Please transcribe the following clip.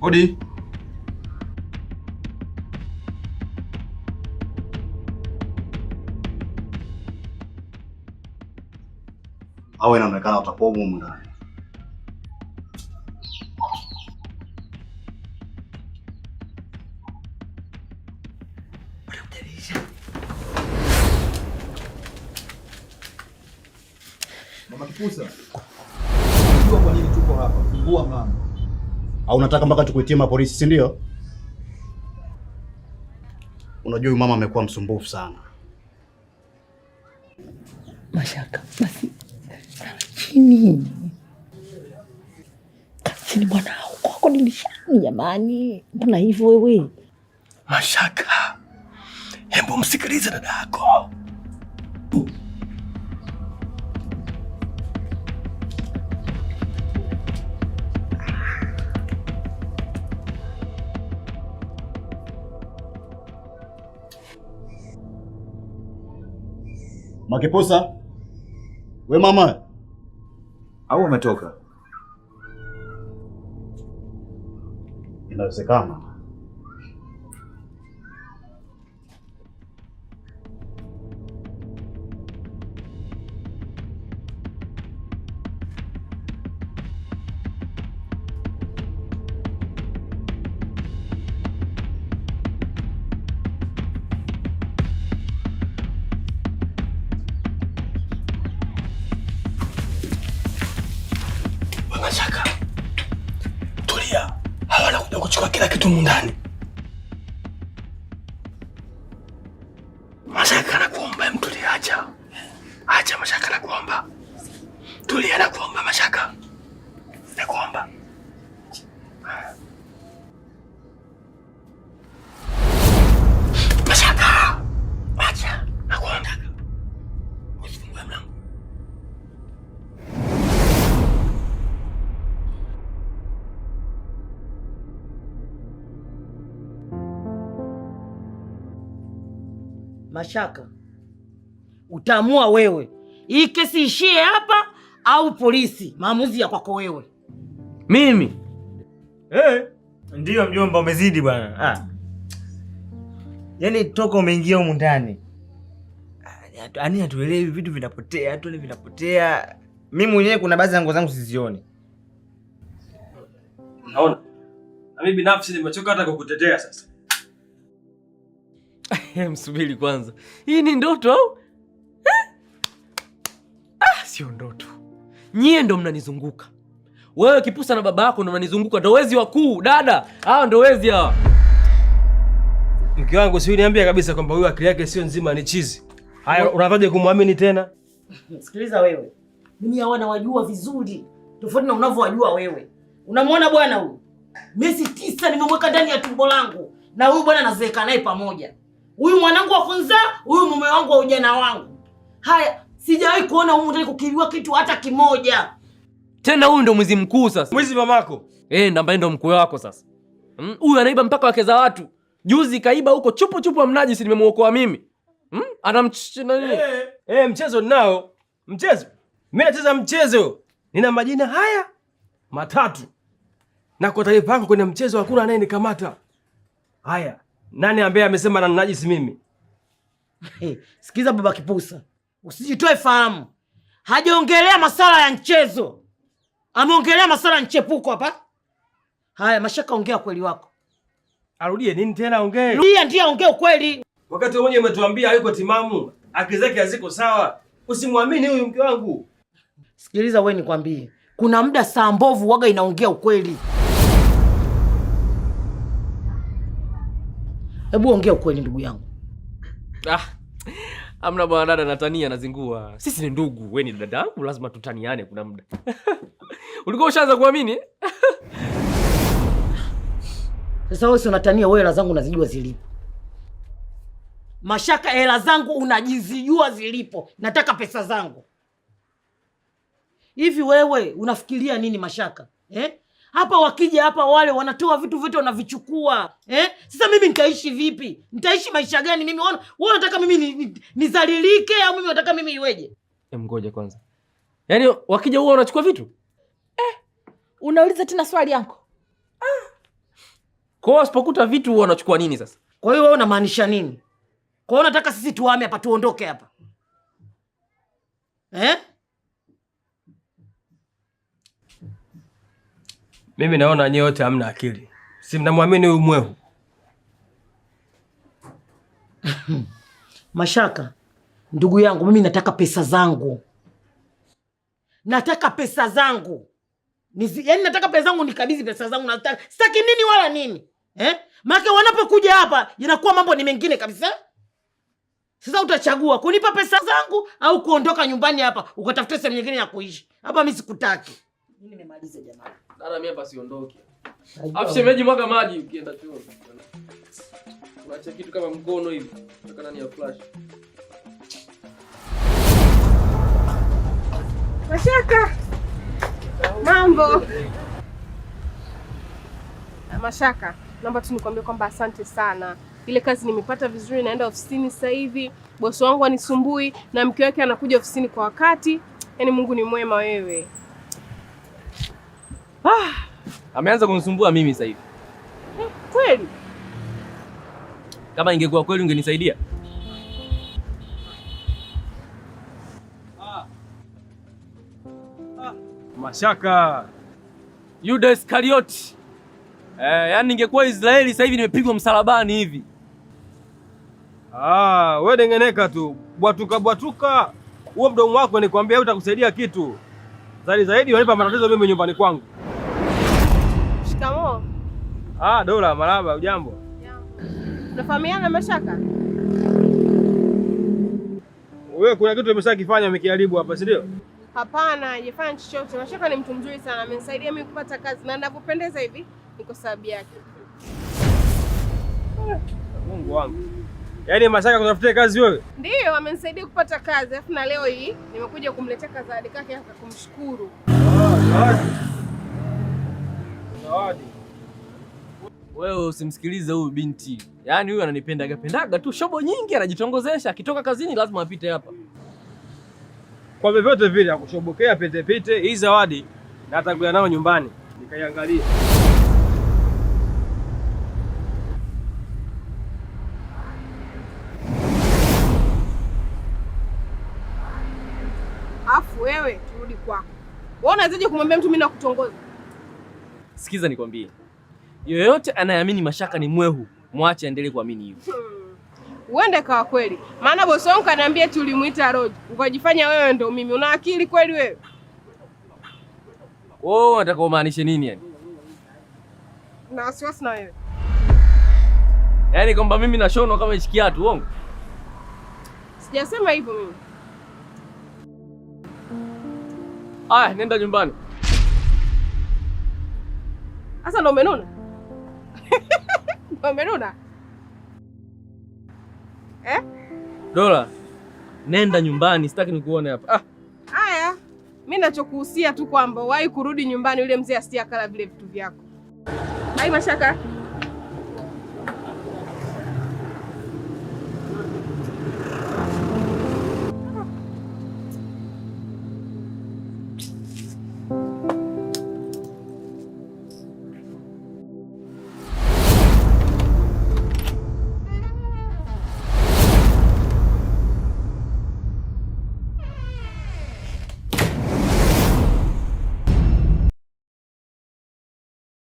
Hodi. Awe inaonekana utakuwa humu ndani. Pusa, unajua kwa nini tuko hapa? Fungua mlango. Au unataka mpaka tukuitie mapolisi, si ndio? Unajua mama amekuwa msumbufu sana. Mashaka, basi chini chini bwana, kwako nilishani. Jamani, mbona hivyo wewe? Mashaka, hebu msikilize dada yako Makiposa, we mama, au umetoka? Inawezekana kuchukua kila kitu mundani. Mashaka anakuomba mtu liacha. Acha Mashaka anakuomba. Tulia kuomba Mashaka. Nakuomba. Mashaka, utaamua wewe, hii kesi ishie hapa au polisi. Maamuzi ya kwako wewe. Mimi hey, eh, ndiyo mjomba, umezidi bwana ah. Yaani toka umeingia humu ndani ah, ani hatuelewi, vitu vinapotea, hatuelewi vinapotea. Mimi mwenyewe kuna baadhi ya nguo zangu sizioni. Unaona, na mimi binafsi nimechoka hata kukutetea sasa Eh, msubiri kwanza, hii ni ndoto au eh? Ah, sio ndoto. Nyie ndo mnanizunguka, wewe Kipusa na baba yako ndo mnanizunguka, ndo wezi wakuu. Dada hawa ndo wezi hawa. Mke wangu si kabisa kwamba huyu akili yake sio nzima, ni chizi. Haya, unataje kumwamini tena? Sikiliza wewe, mimi hawa nawajua vizuri, tofauti na unavyowajua wewe. Unamwona bwana huyu miezi tisa nimemweka ndani ya tumbo langu, na huyu bwana nazeeka naye pamoja huyu mwanangu wa kunzaa, huyu mume wangu wa ujana wangu. Haya, sijawahi kuona huyu mtu kukiliwa kitu hata kimoja. Tena huyu ndo mwizi mkuu sasa. Mwizi mamako. Eh, namba ndo mkuu wako sasa. Hmm? Huyu mm, anaiba mpaka wake za watu. Juzi kaiba huko chupu chupu amnaji si nimemuokoa mimi. Mm? Anamch nini? Eh, hey, eh, hey, mchezo nao. Mchezo. Mimi nacheza mchezo. Nina majina haya matatu. Na kwa taifa yangu kwenye mchezo hakuna anayenikamata. Haya. Nani ambaye amesema na najisi mimi? Hey, sikiza baba Kipusa, usijitoe fahamu. Hajaongelea masala ya mchezo, ameongelea masala ya mchepuko hapa. Haya, Mashaka, ongea ukweli wako. Arudie nini tena? Ongee, rudia ndio ongea ukweli. Wakati mwenye umetuambia hayuko timamu, akili zake haziko sawa, usimwamini huyu mke wangu. Sikiliza wewe, nikwambie, kuna muda saa mbovu waga inaongea ukweli. Hebu ongea ukweli, ndugu yangu. Ah, amna bwana dada, natania anazingua. Sisi ni ndugu, wewe ni dada yangu, lazima tutaniane kuna muda. Ulikuwa ushaanza kuamini sasa. Wewe sio natania, wewe hela zangu unazijua zilipo. Mashaka, hela zangu unajizijua zilipo. Nataka pesa zangu. Hivi wewe unafikiria nini Mashaka eh? hapa wakija hapa wale wanatoa vitu vyote wanavichukua eh? Sasa mimi nitaishi vipi? Nitaishi maisha gani mimi? wao unataka mimi nizalilike au mimi nataka mimi iweje? Ngoja kwanza, yaani wakija huwa wanachukua vitu eh? Unauliza tena swali yako ah. Kwa wasipokuta vitu huwa wanachukua nini sasa? Kwa hiyo wao unamaanisha nini? Kwa hiyo unataka sisi tuame hapa tuondoke hapa eh? Mimi naona nyewe wote hamna akili, si mnamwamini huyu mwehu Mashaka ndugu yangu, mimi nataka pesa zangu, nataka pesa zangu Nizi, yani nataka pesa zangu nikabidhi pesa zangu, nataka sitaki nini wala nini eh? Maana wanapokuja hapa inakuwa mambo ni mengine kabisa. Sasa utachagua kunipa pesa zangu au kuondoka nyumbani hapa ukatafuta sehemu nyingine ya kuishi hapa. Mimi sikutaki, mimi nimemaliza jamani. Dada mimi hapa siondoki. Afu shemeji mwaga maji ukienda Unaacha kitu kama mkono hivi. ya flash. Mashaka. Mambo. Mashaka, naomba tu nikwambie kwamba asante sana. Ile kazi nimepata vizuri, naenda ofisini sasa hivi. Bosi wangu anisumbui na mke wake anakuja ofisini kwa wakati. Yaani Mungu ni mwema wewe. Ah, ameanza kunisumbua mimi sasa hivi. Kweli? Kama ingekuwa kweli ungenisaidia? Ah. Ah. Mashaka Yuda Iskarioti. Eh, yani ningekuwa Israeli sasa hivi nimepigwa msalabani hivi. Ah, wewe dengeneka tu bwatuka bwatuka, huo mdomo wako nikwambia, utakusaidia kitu zaidi zaidi. Wanipa matatizo mimi nyumbani kwangu. Ah, Dola maraba ujambo? Unafahamiana Mashaka? Wewe kuna kitu umesha kifanya umekiharibu hapa, si ndio? Hapana, hajafanya chochote. Mashaka ni mtu mzuri sana, amenisaidia mimi kupata kazi na ninapopendeza hivi ni kwa sababu yake. Mungu wangu. Yaani Mashaka kutafutia kazi wewe? ndio amenisaidia kupata kazi. Alafu na leo hii nimekuja kumletea zawadi kake hapa kumshukuru. Zawadi. Oh, wewe usimsikilize huyu binti, yaani huyu ananipendaga pendaga tu, shobo nyingi anajitongozesha. Akitoka kazini lazima apite hapa kwa vyovyote vile, akushobokea pitepite. Hii zawadi na atakuja nayo nyumbani nikaiangalia. Afu wewe turudi kwako, wewe unawezaje kumwambia mtu mimi nakutongoza? Sikiza nikwambie Yoyote anayeamini Mashaka ni mwehu, mwache aendelee kuamini hivyo. Hmm. Uende kawa kweli, maana bosi wangu kaniambia tulimuita Roji, ukajifanya wewe ndo mimi. Una akili kweli wewe? Oh, unataka umaanishe nini yani? Na wasiwasi na wewe yani, kwamba mimi nashonwa kama hichi kiatu, uongo? Sijasema hivyo mimi. Aya, nenda nyumbani. Sasa ndo umenuna? Umeruna eh? Dola, nenda nyumbani, sitaki nikuone hapa. Ah. mi nachokuhusia tu kwamba wahi kurudi nyumbani, yule mzee asiakala vile vitu vyako. Hai mashaka